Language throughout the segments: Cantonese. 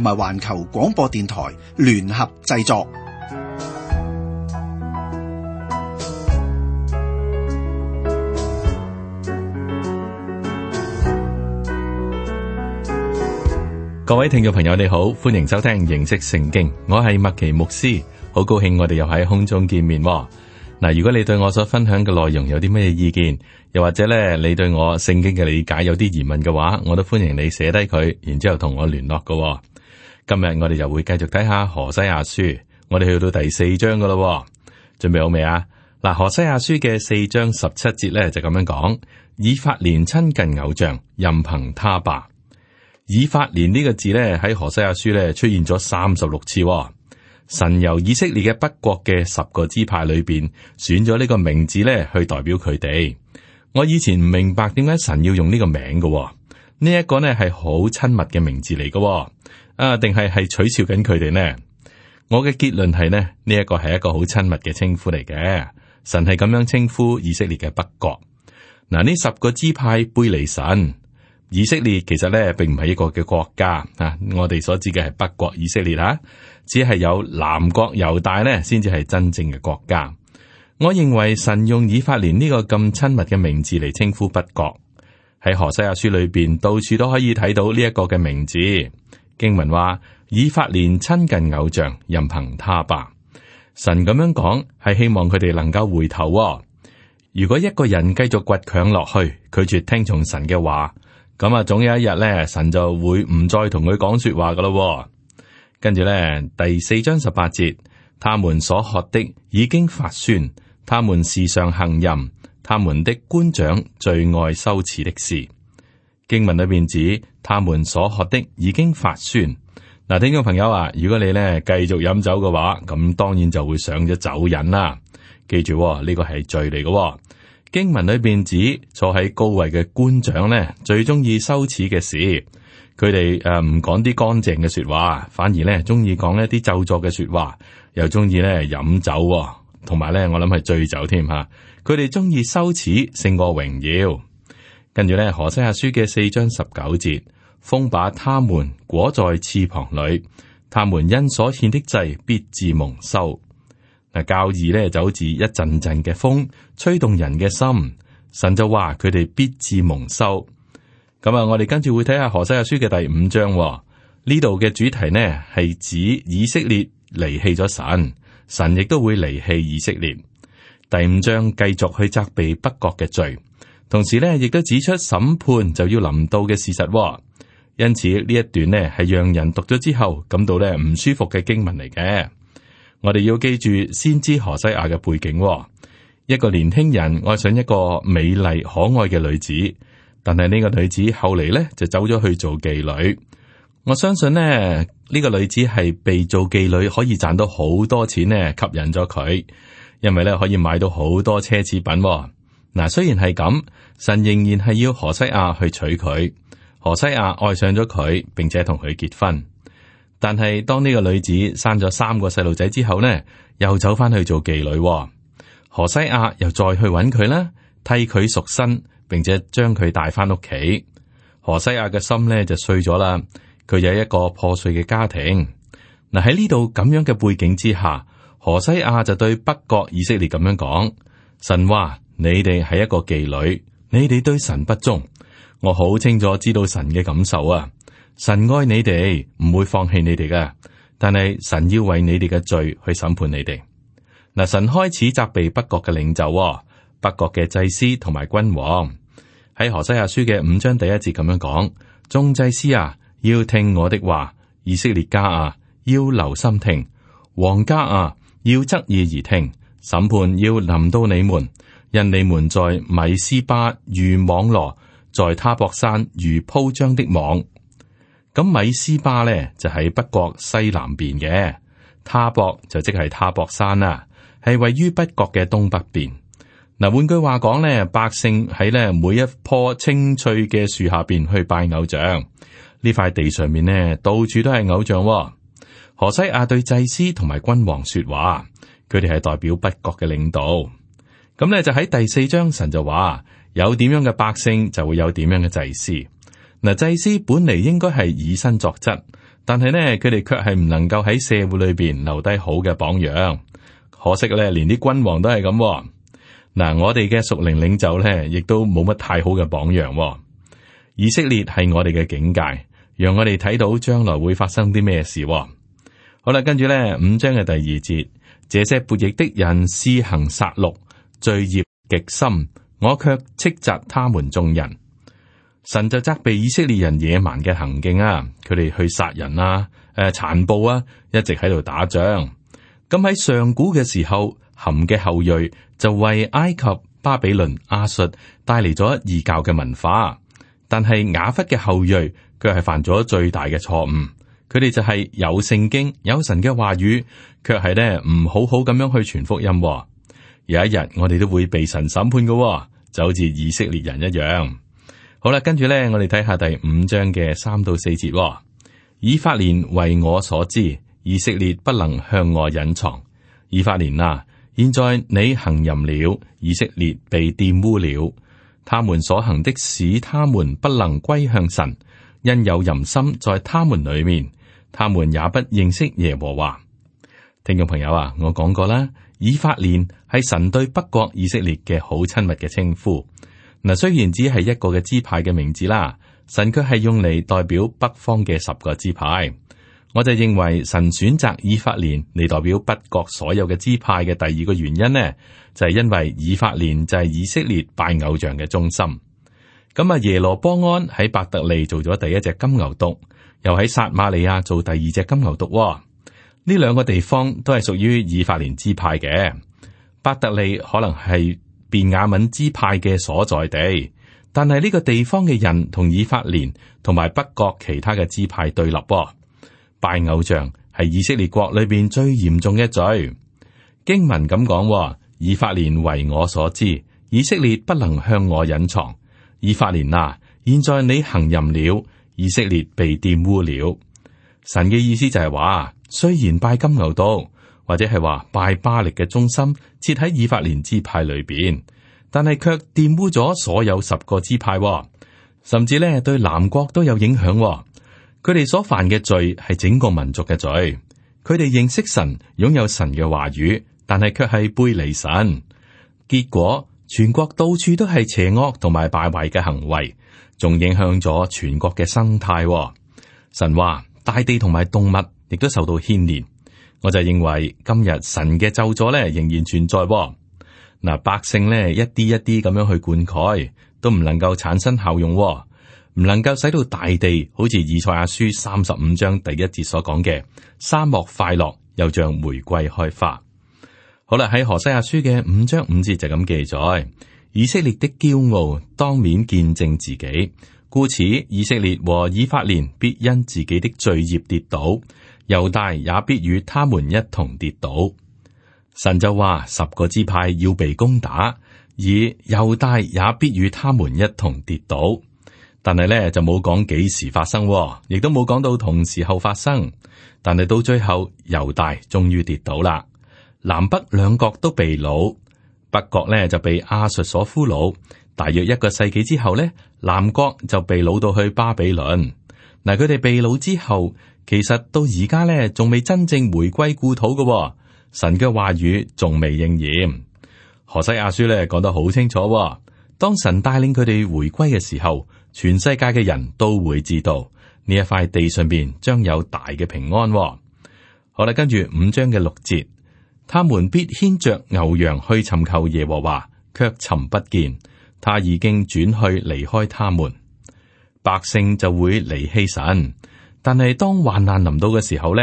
同埋環球廣播電台聯合製作。各位聽眾朋友，你好，歡迎收聽《認識聖經》，我係麥奇牧師，好高興我哋又喺空中見面嗱。如果你對我所分享嘅內容有啲咩意見，又或者咧你對我聖經嘅理解有啲疑問嘅話，我都歡迎你寫低佢，然之後同我聯絡㗎。今日我哋就會繼續睇下何西阿書，我哋去到第四章噶咯，準備好未啊？嗱，何西阿書嘅四章十七節咧就咁樣講，以法連親近偶像，任憑他罷。以法連呢個字咧喺何西阿書咧出現咗三十六次。哦，神由以色列嘅北國嘅十個支派裏邊選咗呢個名字咧去代表佢哋。我以前唔明白點解神要用呢個名嘅。哦，呢一個呢，係好親密嘅名字嚟嘅。哦。啊，定係係取笑緊佢哋呢？我嘅結論係呢：呢一個係一個好親密嘅稱呼嚟嘅。神係咁樣稱呼以色列嘅北國嗱。呢十個支派背離神以色列，其實咧並唔係一個嘅國家啊。我哋所指嘅係北國以色列吓，只係有南國猶大咧，先至係真正嘅國家。我認為神用以法連呢個咁親密嘅名字嚟稱呼北國，喺何西阿書裏邊，到處都可以睇到呢一個嘅名字。經文話：以法蓮親近偶像，任憑他吧。神咁樣講係希望佢哋能夠回頭喎。如果一個人繼續倔強落去，拒絕聽從神嘅話，咁啊，總有一日咧，神就會唔再同佢講說話噶咯喎。跟住咧，第四章十八節，他們所學的已經發酸，他們時常行淫，他們的官長最愛羞恥的事。經文裏邊指，他們所學的已經發酸。嗱，聽眾朋友啊，如果你咧繼續飲酒嘅話，咁當然就會上咗酒癮啦。記住喎，呢個係罪嚟嘅喎。經文裏邊指，坐喺高位嘅官長咧，最中意羞恥嘅事。佢哋誒唔講啲乾淨嘅說話，反而咧中意講一啲咒作嘅說話，又中意咧飲酒喎，同埋咧我諗係醉酒添吓。佢哋中意羞恥勝過榮耀。跟住咧，何西阿書嘅四章十九節，風把他們裹在翅膀裏，他們因所獻的祭必致蒙羞」。嗱，教義咧就好似一陣陣嘅風，吹動人嘅心，神就話佢哋必致蒙羞。咁啊，我哋跟住會睇下何西阿書嘅第五章，哦，呢度嘅主題呢係指以色列離棄咗神，神亦都會離棄以色列。第五章繼續去責備北國嘅罪。同時咧，亦都指出審判就要臨到嘅事實，因此呢一段呢，係讓人讀咗之後感到咧唔舒服嘅經文嚟嘅。我哋要記住先知何西阿嘅背景，一個年輕人愛上一個美麗可愛嘅女子，但係呢個女子後嚟咧就走咗去做妓女。我相信呢，呢個女子係被做妓女可以賺到好多錢咧吸引咗佢，因為咧可以買到好多奢侈品。嗱，雖然係咁，神仍然係要何西阿去娶佢。何西阿愛上咗佢，並且同佢結婚。但係當呢個女子生咗三個細路仔之後呢，又走翻去做妓女。何西阿又再去揾佢啦，替佢贖身，並且將佢帶翻屋企。何西阿嘅心呢就碎咗啦。佢有一個破碎嘅家庭。嗱，喺呢度咁樣嘅背景之下，何西阿就對北國以色列咁樣講：神話。你哋係一個妓女，你哋對神不忠。我好清楚知道神嘅感受啊。神愛你哋，唔會放棄你哋㗎。但係神要為你哋嘅罪去審判你哋。嗱，神開始責備北國嘅領袖啊，北國嘅祭司同埋君王喺何西阿書嘅五章第一節咁樣講：眾祭司啊，要聽我的話；以色列家啊，要留心聽；皇家啊，要側耳而聽。審判要臨到你們。因你們在米斯巴如網羅，在他博山如鋪張的網。咁米斯巴呢，就喺、是、北國西南邊嘅，他博，就即、是、係他博山啦，係位於北國嘅東北邊。嗱，換句話講呢，百姓喺呢每一棵青翠嘅樹下邊去拜偶像，呢塊地上面呢，到處都係偶像。何西阿對祭司同埋君王說話，佢哋係代表北國嘅領導。咁咧就喺第四章，神就話：，有點樣嘅百姓就會有點樣嘅祭司。嗱，祭司本嚟應該係以身作則，但係咧佢哋卻係唔能夠喺社會裏邊留低好嘅榜樣。可惜咧，連啲君王都係咁嗱。我哋嘅屬靈領袖咧，亦都冇乜太好嘅榜樣，哦。以色列係我哋嘅境界，讓我哋睇到將來會發生啲咩事，哦。好啦，跟住咧五章嘅第二節，這些叛逆的人施行殺戮，罪孽極深，我卻斥責他們眾人。神就責備以色列人野蠻嘅行徑啊！佢哋去殺人啊，誒、呃，殘暴啊，一直喺度打仗。咁喺上古嘅時候，含嘅後裔就為埃及、巴比倫、亞述帶嚟咗異教嘅文化。但係雅弗嘅後裔，佢係犯咗最大嘅錯誤。佢哋就係有聖經、有神嘅話語，卻係呢唔好好咁樣去傳福音喎。有一日我哋都會被神審判嘅，就好似以色列人一樣。好啦，跟住呢，我哋睇下第五章嘅三到四節。以法蓮為我所知，以色列不能向我隱藏。以法蓮啊，現在你行淫了，以色列被玷污了。他們所行的使他們不能歸向神，因有淫心在他們裏面，他們也不認識耶和華。聽眾朋友啊，我講過啦。以法蓮係神對北國以色列嘅好親密嘅稱呼。嗱，雖然只係一個嘅支派嘅名字啦，神卻係用嚟代表北方嘅十個支派。我就認為神選擇以法蓮嚟代表北國所有嘅支派嘅第二個原因呢，就係、是、因為以法蓮就係以色列拜偶像嘅中心。咁啊，耶羅波安喺伯特利做咗第一隻金牛犢，又喺撒瑪利亞做第二隻金牛犢。呢兩個地方都係屬於以法蓮支派嘅。伯特利可能係便雅敏支派嘅所在地，但係呢個地方嘅人同以法蓮同埋北國其他嘅支派對立。拜偶像係以色列國裏邊最嚴重嘅罪。經文咁講，以法蓮為我所知，以色列不能向我隱藏。以法蓮啊，現在你行淫了，以色列被玷污了。神嘅意思就係話。雖然拜金牛道或者係話拜巴力嘅中心設喺以法蓮支派裏邊，但係卻玷污咗所有十個支派，哦，甚至呢，對南國都有影響，哦。佢哋所犯嘅罪係整個民族嘅罪。佢哋認識神，擁有神嘅話語，但係卻係背離神。結果全國到處都係邪惡同埋敗壞嘅行為，仲影響咗全國嘅生態，哦。神話大地同埋動物。亦都受到牽連，我就認為今日神嘅咒詛咧仍然存在。嗱，百姓咧一啲一啲咁樣去灌溉，都唔能夠產生效用，唔能夠使到大地好似以賽亞書三十五章第一節所講嘅，沙漠快樂，又像玫瑰開花。好啦，喺何西阿書嘅五章五節就咁記載：以色列的驕傲當面見證自己，故此以色列和以法蓮必因自己的罪孽跌倒。猶大也必與他們一同跌倒，神就話十個支派要被攻打，而猶大也必與他們一同跌倒。但係呢，就冇講幾時發生，哦，亦都冇講到同時後發生。但係到最後猶大終於跌倒啦，南北兩國都被擄，北國呢就被阿述所俘虜，大約一個世紀之後呢，南國就被擄到去巴比倫。嗱，佢哋被擄之後。其實到而家咧，仲未真正回歸故土噶、哦。神嘅話語仲未應驗。何西阿書咧講得好清楚、哦，當神帶領佢哋回歸嘅時候，全世界嘅人都會知道呢一塊地上邊將有大嘅平安、哦。好啦，跟住五章嘅六節，他們必牽著牛羊去尋求耶和華，卻尋不見，他已經轉去離開他們，百姓就會離棄神。但係當患難臨到嘅時候呢，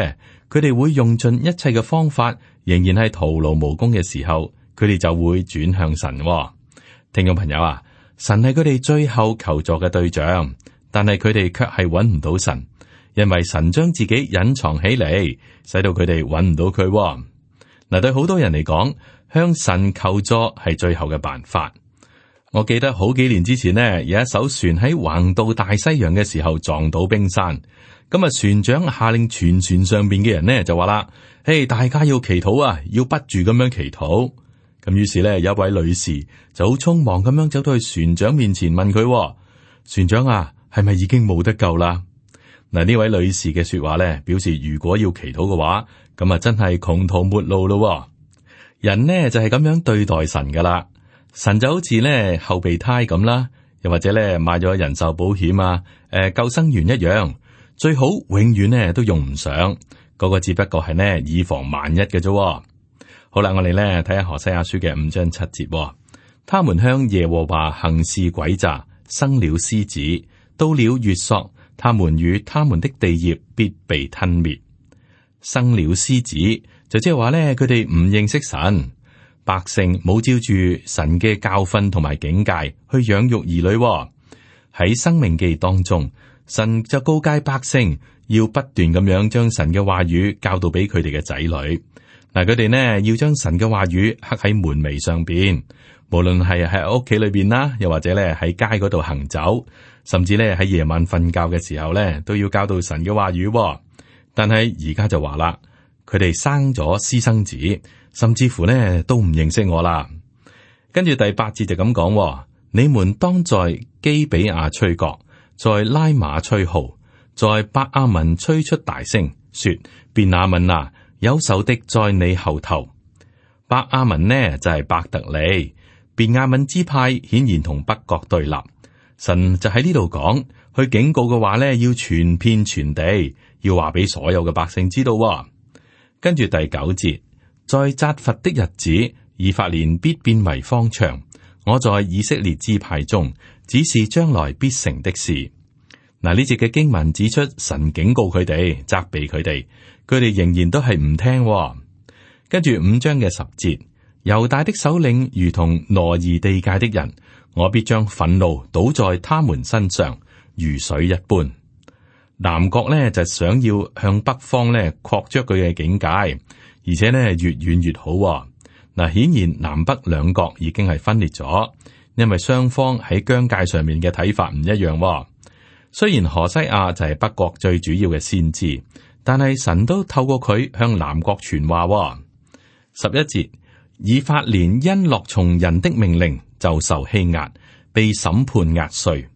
佢哋會用盡一切嘅方法，仍然係徒勞無功嘅時候，佢哋就會轉向神、哦。聽眾朋友啊，神係佢哋最後求助嘅對象，但係佢哋卻係揾唔到神，因為神將自己隱藏起嚟，使到佢哋揾唔到佢嗱。對好多人嚟講，向神求助係最後嘅辦法。我記得好幾年之前呢，有一艘船喺橫渡大西洋嘅時候撞到冰山。咁啊，船長下令全船上邊嘅人呢，就話啦，嘿，大家要祈禱啊，要不住咁樣祈禱。咁於是呢，有一位女士就好匆忙咁樣走到去船長面前問佢，船長啊，係咪已經冇得救啦？嗱，呢位女士嘅說話呢，表示如果要祈禱嘅話，咁啊真係窮途末路咯。人呢，就係咁樣對待神噶啦，神就好似呢後備胎咁啦，又或者呢買咗人壽保險啊，誒，救生員一樣。最好永遠咧都用唔上，嗰個，個只不過係咧以防萬一嘅啫。好啦，我哋咧睇下何西亞書嘅五章七節，他們向耶和華行事詭詐，生了獅子，到了月朔，他們與他們的地業必被吞滅。生了獅子，就即係話咧，佢哋唔認識神，百姓冇照住神嘅教訓同埋警戒去養育兒女喺生命記當中。神就告誡百姓，要不斷咁樣將神嘅話語教導俾佢哋嘅仔女。嗱，佢哋呢要將神嘅話語刻喺門楣上邊，無論係喺屋企裏邊啦，又或者咧喺街嗰度行走，甚至咧喺夜晚瞓覺嘅時候咧，都要教導神嘅話語。但係而家就話啦，佢哋生咗私生子，甚至乎呢都唔認識我啦。跟住第八節就咁講，你們當在基比亞吹角。在拉馬吹號，在伯阿文吹出大聲，說：便雅憫啊，有手的在你後頭。伯阿文呢就係、是、伯特利；便雅憫支派顯然同北國對立。神就喺呢度講，去警告嘅話呢，要全片全地要話俾所有嘅百姓知道。跟住第九節，在扎佛的日子，以法蓮必變為荒場。我在以色列支派中。只是將來必成的事。嗱呢節嘅經文指出，神警告佢哋，責備佢哋，佢哋仍然都係唔聽、哦。跟住五章嘅十節，猶大的首領如同挪移地界的人，我必將憤怒倒在他們身上，如水一般。南國呢，就想要向北方呢擴張佢嘅境界，而且呢，越遠越好、哦。嗱，顯然南北兩國已經係分裂咗。因為雙方喺疆界上面嘅睇法唔一樣、哦，雖然何西阿就係北國最主要嘅先知，但係神都透過佢向南國傳話、哦。十一節，以法蓮因樂從人的命令就受欺壓，被審判壓碎。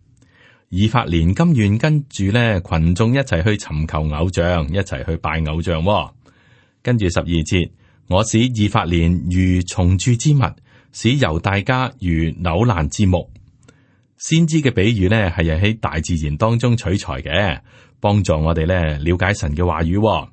以法蓮甘願跟住呢群眾一齊去尋求偶像，一齊去拜偶像、哦。跟住十二節，我使以法蓮如蟲蛀之物。使猶大家如朽爛之木，先知嘅比喻咧係喺大自然當中取材嘅，幫助我哋呢了解神嘅話語。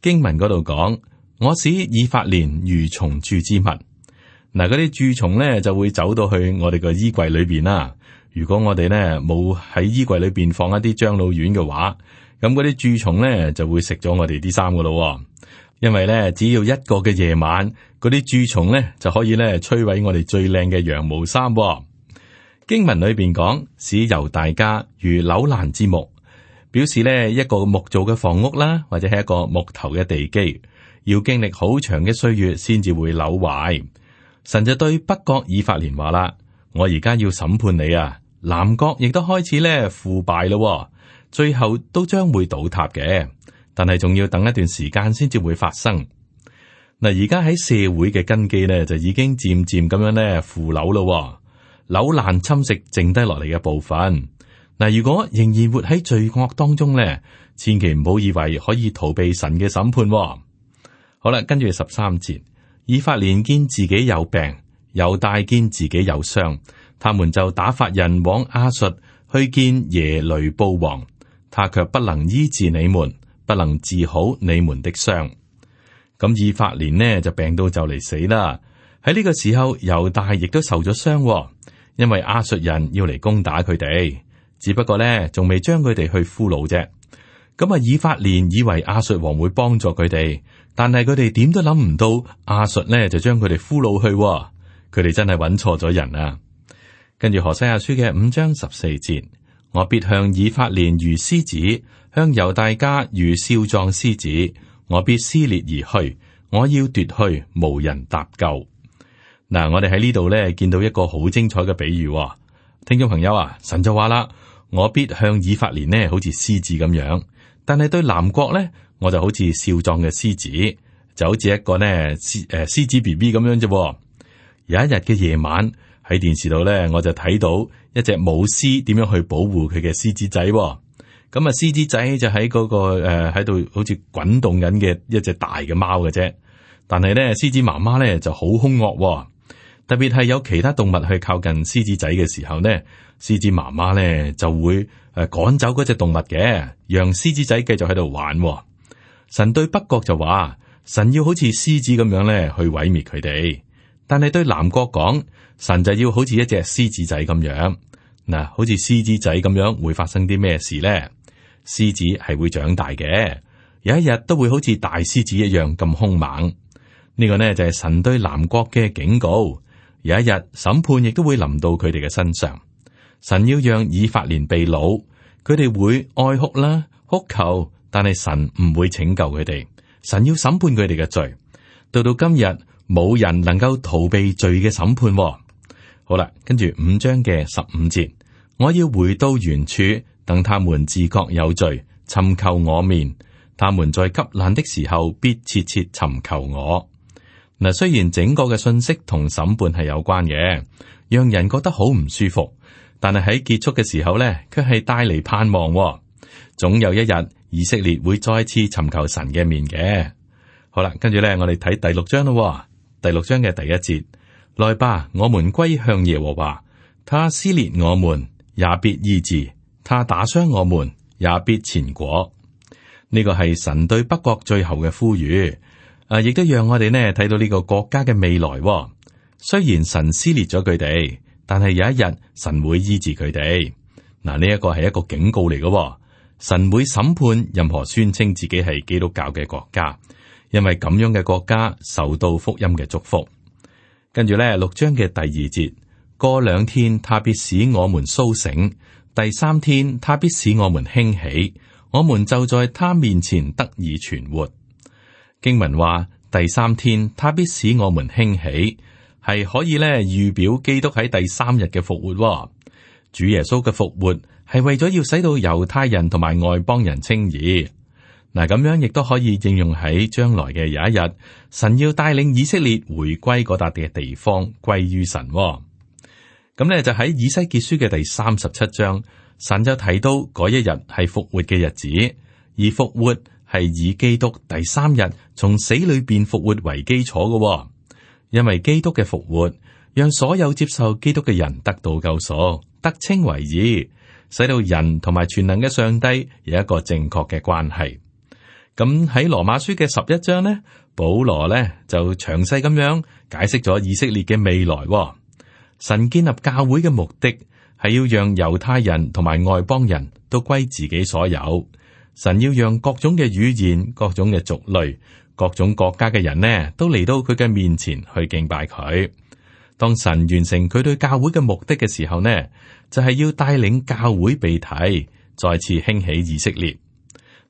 經文嗰度講，我使以法蓮如蟲蛀之物。嗱，嗰啲蛀蟲呢，就會走到去我哋個衣櫃裏邊啦。如果我哋呢冇喺衣櫃裏邊放一啲樟腦丸嘅話，咁嗰啲蛀蟲呢，就會食咗我哋啲衫噶啦。因為咧，只要一個嘅夜晚，嗰啲蛀蟲咧就可以咧摧毀我哋最靚嘅羊毛衫。經文裏邊講，使猶大家如朽爛之木，表示咧一個木造嘅房屋啦，或者係一個木頭嘅地基，要經歷好長嘅歲月先至會朽壞。神就對北國以法蓮話啦：我而家要審判你啊！南國亦都開始咧腐敗咯，最後都將會倒塌嘅。但係仲要等一段時間先至會發生嗱。而家喺社會嘅根基咧，就已經漸漸咁樣咧腐朽咯。朽爛侵蝕剩低落嚟嘅部分嗱，如果仍然活喺罪惡當中咧，千祈唔好以為可以逃避神嘅審判。好啦，跟住十三節，以法連見自己有病，猶大見自己有傷，他們就打發人往阿術去見耶雷布王，他卻不能醫治你們。不能治好你們的傷，咁以法蓮呢就病到就嚟死啦。喺呢個時候，猶大亦都受咗傷、哦，因為亞述人要嚟攻打佢哋，只不過呢仲未將佢哋去俘虜啫。咁啊，以法蓮以為亞述王會幫助佢哋，但係佢哋點都諗唔到亞述呢就將佢哋俘虜去、哦，佢哋真係揾錯咗人啊！跟住何西阿書嘅五章十四節。我必向以法蓮如獅子，向猶大家如少壯獅子，我必撕裂而去，我要奪去，無人搭救。嗱、啊，我哋喺呢度咧見到一個好精彩嘅比喻，聽眾朋友啊，神就話啦：我必向以法蓮呢好似獅子咁樣，但係對南國咧，我就好似少壯嘅獅子，就好似一個呢獅誒獅子 B B 咁樣啫。有一日嘅夜晚喺電視度咧，我就睇到。一隻母獅點樣去保護佢嘅獅子仔喎？咁啊，獅子仔就喺嗰個誒喺度，好似滾動緊嘅一隻大嘅貓嘅啫。但係咧，獅子媽媽咧就好凶惡喎，特別係有其他動物去靠近獅子仔嘅時候咧，獅子媽媽咧就會誒趕走嗰隻動物嘅，讓獅子仔繼續喺度玩喎。神對北國就話，神要好似獅子咁樣咧去毀滅佢哋，但係對南國講，神就要好似一隻獅子仔咁樣。嗱，好似獅子仔咁樣，會發生啲咩事咧？獅子係會長大嘅，有一日都會好似大獅子一樣咁凶猛。呢個呢，就係神對南國嘅警告。有一日審判亦都會臨到佢哋嘅身上。神要讓以法蓮被擄，佢哋會哀哭啦，哭求，但係神唔會拯救佢哋。神要審判佢哋嘅罪。到到今日，冇人能夠逃避罪嘅審判。好啦，跟住五章嘅十五節，我要回到原處，等他們自覺有罪，尋求我面。他們在急難的時候，必切切尋求我。嗱，雖然整個嘅信息同審判係有關嘅，讓人覺得好唔舒服，但係喺結束嘅時候呢，卻係帶嚟盼望。總有一日，以色列會再次尋求神嘅面嘅。好啦，跟住呢，我哋睇第六章咯。第六章嘅第一節。來吧，我們歸向耶和華，他撕裂我們也必醫治，他打傷我們也必纏裹。呢個係神對北國最後嘅呼籲，啊，亦都讓我哋呢睇到呢個國家嘅未來。雖然神撕裂咗佢哋，但係有一日神會醫治佢哋。嗱，呢一個係一個警告嚟嘅，神會審判任何宣稱自己係基督教嘅國家，因為咁樣嘅國家受到福音嘅祝福。跟住咧，六章嘅第二節，過兩天他必使我們蘇醒；第三天他必使我們興起，我們就在他面前得以存活。經文話第三天他必使我們興起，係可以咧預表基督喺第三日嘅復活。主耶穌嘅復活係為咗要使到猶太人同埋外邦人稱義。嗱，咁樣亦都可以應用喺將來嘅有一日，神要帶領以色列回歸嗰笪嘅地方，歸於神、哦。咁呢，就喺以西結書嘅第三十七章，神就睇到嗰一日係復活嘅日子，而復活係以基督第三日從死裏邊復活為基礎噶、哦。因為基督嘅復活，讓所有接受基督嘅人得到救所，得稱為義，使到人同埋全能嘅上帝有一個正確嘅關係。咁喺羅馬書嘅十一章呢，保羅呢就詳細咁樣解釋咗以色列嘅未來喎。神建立教會嘅目的係要讓猶太人同埋外邦人都歸自己所有。神要讓各種嘅語言、各種嘅族類、各種國家嘅人呢，都嚟到佢嘅面前去敬拜佢。當神完成佢對教會嘅目的嘅時候呢，就係要帶領教會被提，再次興起以色列。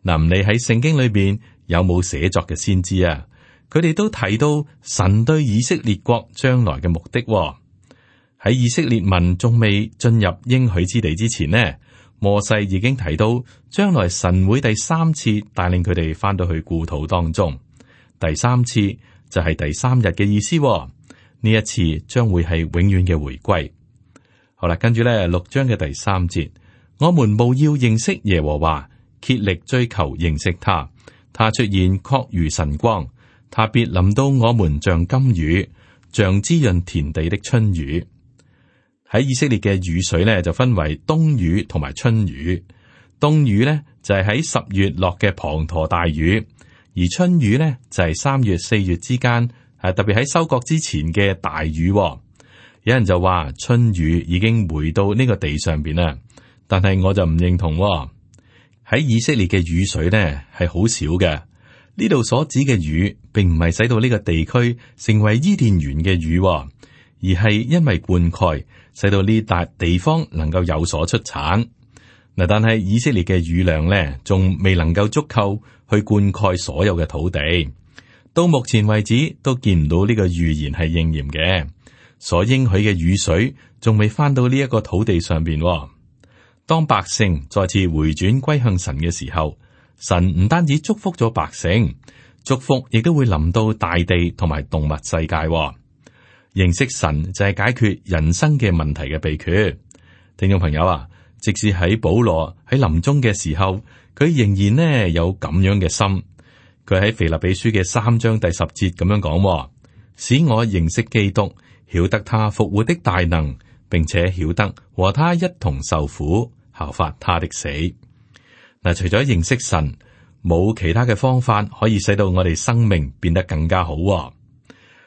嗱，你喺聖經裏邊有冇寫作嘅先知啊？佢哋都提到神對以色列國將來嘅目的。喺以色列民仲未進入應許之地之前呢，摩西已經提到將來神會第三次帶領佢哋翻到去故土當中。第三次就係第三日嘅意思，呢一次將會係永遠嘅回歸。好啦，跟住咧六章嘅第三節，我們務要認識耶和華。竭力追求認識他，他出現確如晨光，他必臨到我們像甘雨，像滋潤田地的春雨。喺以色列嘅雨水呢，就分為冬雨同埋春雨，冬雨呢，就係喺十月落嘅滂沱大雨，而春雨呢，就係三月四月之間，誒特別喺收割之前嘅大雨。有人就話春雨已經回到呢個地上邊啦，但係我就唔認同。喺以色列嘅雨水呢，係好少嘅，呢度所指嘅雨並唔係使到呢個地區成為伊甸園嘅雨，而係因為灌溉使到呢笪地方能夠有所出產。嗱，但係以色列嘅雨量呢，仲未能夠足夠去灌溉所有嘅土地，到目前為止都見唔到呢個預言係應驗嘅，所應許嘅雨水仲未翻到呢一個土地上邊。當百姓再次回轉歸向神嘅時候，神唔單止祝福咗百姓，祝福亦都會臨到大地同埋動物世界。認識神就係解決人生嘅問題嘅秘訣。聽眾朋友啊，即使喺保羅喺臨終嘅時候，佢仍然呢有咁樣嘅心。佢喺腓立比書嘅三章第十節咁樣講：使我認識基督，曉得他復活的大能，並且曉得和他一同受苦。效法他的死。嗱、啊，除咗認識神，冇其他嘅方法可以使到我哋生命變得更加好、哦。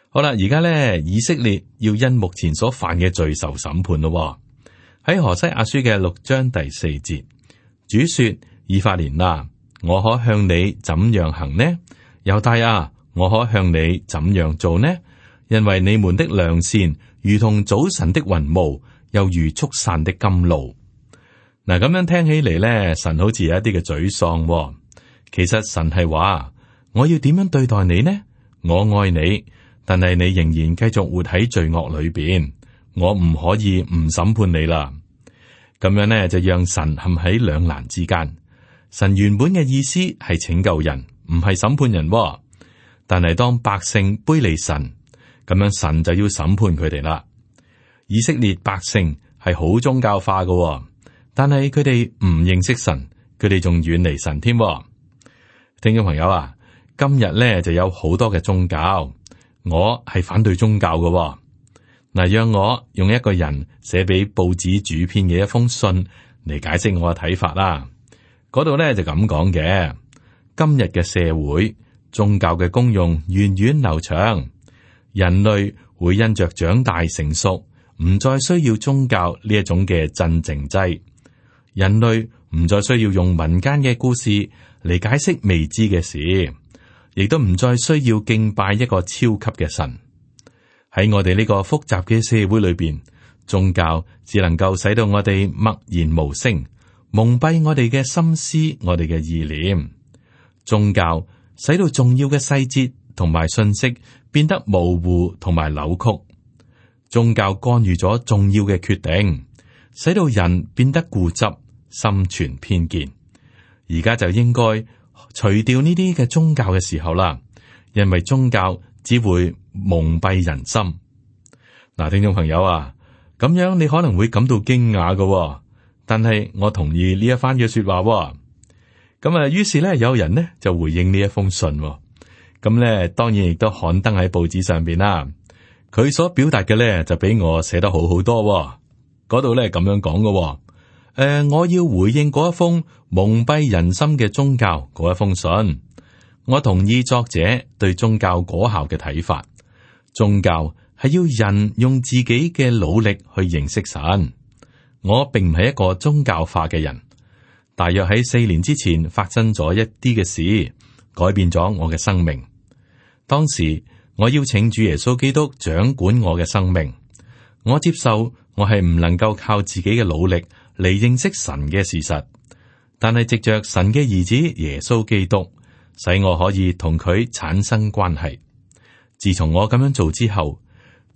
好啦，而家咧，以色列要因目前所犯嘅罪受審判咯、哦。喺何西阿書嘅六章第四節，主說：以法蓮啊，我可向你怎樣行呢？猶大啊，我可向你怎樣做呢？因為你們的良善如同早晨的雲霧，又如速散的甘露。嗱，咁樣聽起嚟咧，神好似有一啲嘅沮喪喎。其實神係話，我要點樣對待你呢？我愛你，但係你仍然繼續活喺罪惡裏邊，我唔可以唔審判你啦。咁樣呢就讓神陷喺兩難之間。神原本嘅意思係拯救人，唔係審判人喎。但係當百姓背離神，咁樣神就要審判佢哋啦。以色列百姓係好宗教化噶喎。但係佢哋唔認識神，佢哋仲遠離神添。聽眾朋友啊，今日咧就有好多嘅宗教，我係反對宗教嘅。嗱，讓我用一個人寫俾報紙主編嘅一封信嚟解釋我嘅睇法啦。嗰度咧就咁講嘅，今日嘅社會宗教嘅功用源遠流長，人類會因着長大成熟，唔再需要宗教呢一種嘅鎮靜劑。人類唔再需要用民間嘅故事嚟解釋未知嘅事，亦都唔再需要敬拜一個超級嘅神。喺我哋呢個複雜嘅社會裏邊，宗教只能夠使到我哋默然無聲，蒙蔽我哋嘅心思，我哋嘅意念。宗教使到重要嘅細節同埋信息變得模糊同埋扭曲。宗教干預咗重要嘅決定，使到人變得固執。心存偏見，而家就應該除掉呢啲嘅宗教嘅時候啦，因為宗教只會蒙蔽人心。嗱，聽眾朋友啊，咁樣你可能會感到驚訝嘅，但係我同意呢一番嘅說話。咁啊，於是咧，有人呢就回應呢一封信，咁咧當然亦都刊登喺報紙上邊啦。佢所表達嘅咧就比我寫得好好多。嗰度咧咁樣講嘅。誒、呃，我要回應嗰一封蒙蔽人心嘅宗教嗰一封信。我同意作者對宗教果效嘅睇法。宗教係要人用自己嘅努力去認識神。我並唔係一個宗教化嘅人。大約喺四年之前發生咗一啲嘅事，改變咗我嘅生命。當時我邀請主耶穌基督掌管我嘅生命，我接受我係唔能夠靠自己嘅努力。嚟認識神嘅事實，但係藉着神嘅兒子耶穌基督，使我可以同佢產生關係。自從我咁樣做之後，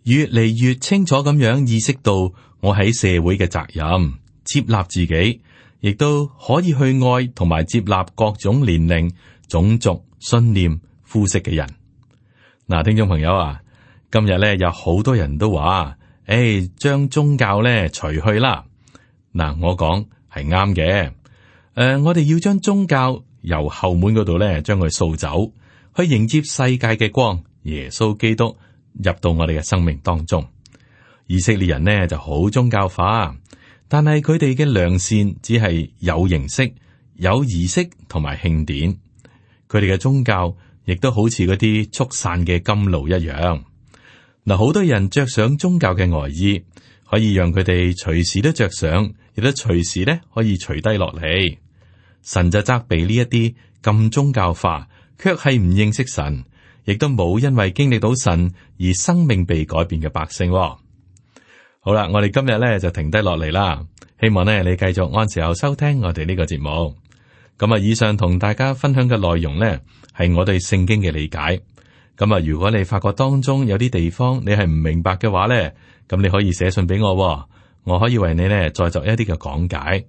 越嚟越清楚咁樣意識到我喺社會嘅責任，接納自己，亦都可以去愛同埋接納各種年齡、種族、信念、膚色嘅人。嗱，聽眾朋友啊，今日咧有好多人都話，誒、哎，將宗教咧除去啦。嗱、呃，我講係啱嘅，誒，我哋要將宗教由後門嗰度咧，將佢掃走，去迎接世界嘅光，耶穌基督入到我哋嘅生命當中。以色列人呢就好宗教化，但係佢哋嘅良善只係有形式、有儀式同埋慶典，佢哋嘅宗教亦都好似嗰啲速散嘅金爐一樣。嗱，好多人着上宗教嘅外、呃、衣。可以讓佢哋隨時都着上，亦都隨時咧可以除低落嚟。神就責備呢一啲咁宗教化，卻係唔認識神，亦都冇因為經歷到神而生命被改變嘅百姓哦。好啦，我哋今日咧就停低落嚟啦。希望咧你繼續按時候收聽我哋呢個節目。咁啊，以上同大家分享嘅內容呢，係我對聖經嘅理解。咁啊，如果你發覺當中有啲地方你係唔明白嘅話呢。咁你可以寫信俾我，我可以為你咧再作一啲嘅講解。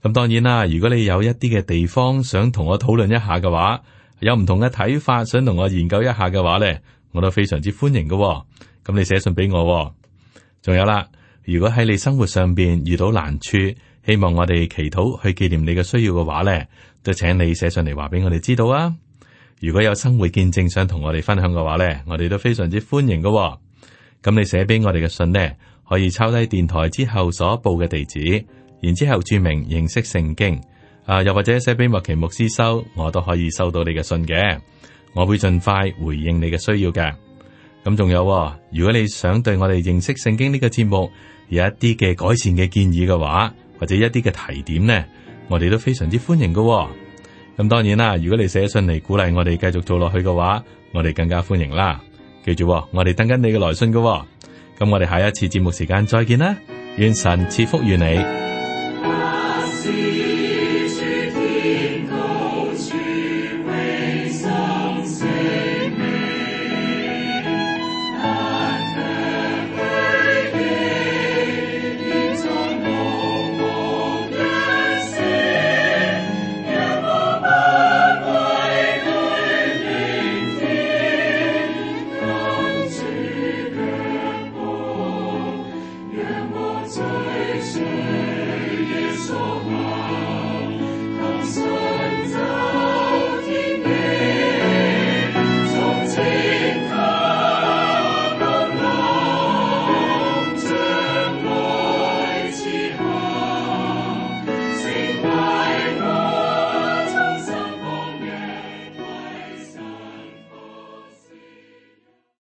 咁當然啦，如果你有一啲嘅地方想同我討論一下嘅話，有唔同嘅睇法想同我研究一下嘅話咧，我都非常之歡迎嘅。咁你寫信俾我，仲有啦，如果喺你生活上邊遇到難處，希望我哋祈禱去紀念你嘅需要嘅話咧，都請你寫上嚟話俾我哋知道啊。如果有生活見證想同我哋分享嘅話咧，我哋都非常之歡迎嘅。咁你寫俾我哋嘅信呢，可以抄低電台之後所報嘅地址，然之後注明認識聖經，啊、呃，又或者寫俾莫奇牧師收，我都可以收到你嘅信嘅，我會盡快回應你嘅需要嘅。咁仲有、哦，如果你想對我哋認識聖經呢個節目有一啲嘅改善嘅建議嘅話，或者一啲嘅提點呢，我哋都非常之歡迎嘅、哦。咁當然啦、啊，如果你寫信嚟鼓勵我哋繼續做落去嘅話，我哋更加歡迎啦。記住，我哋等緊你嘅來信嘅，咁我哋下一次節目時間再見啦，願神賜福於你。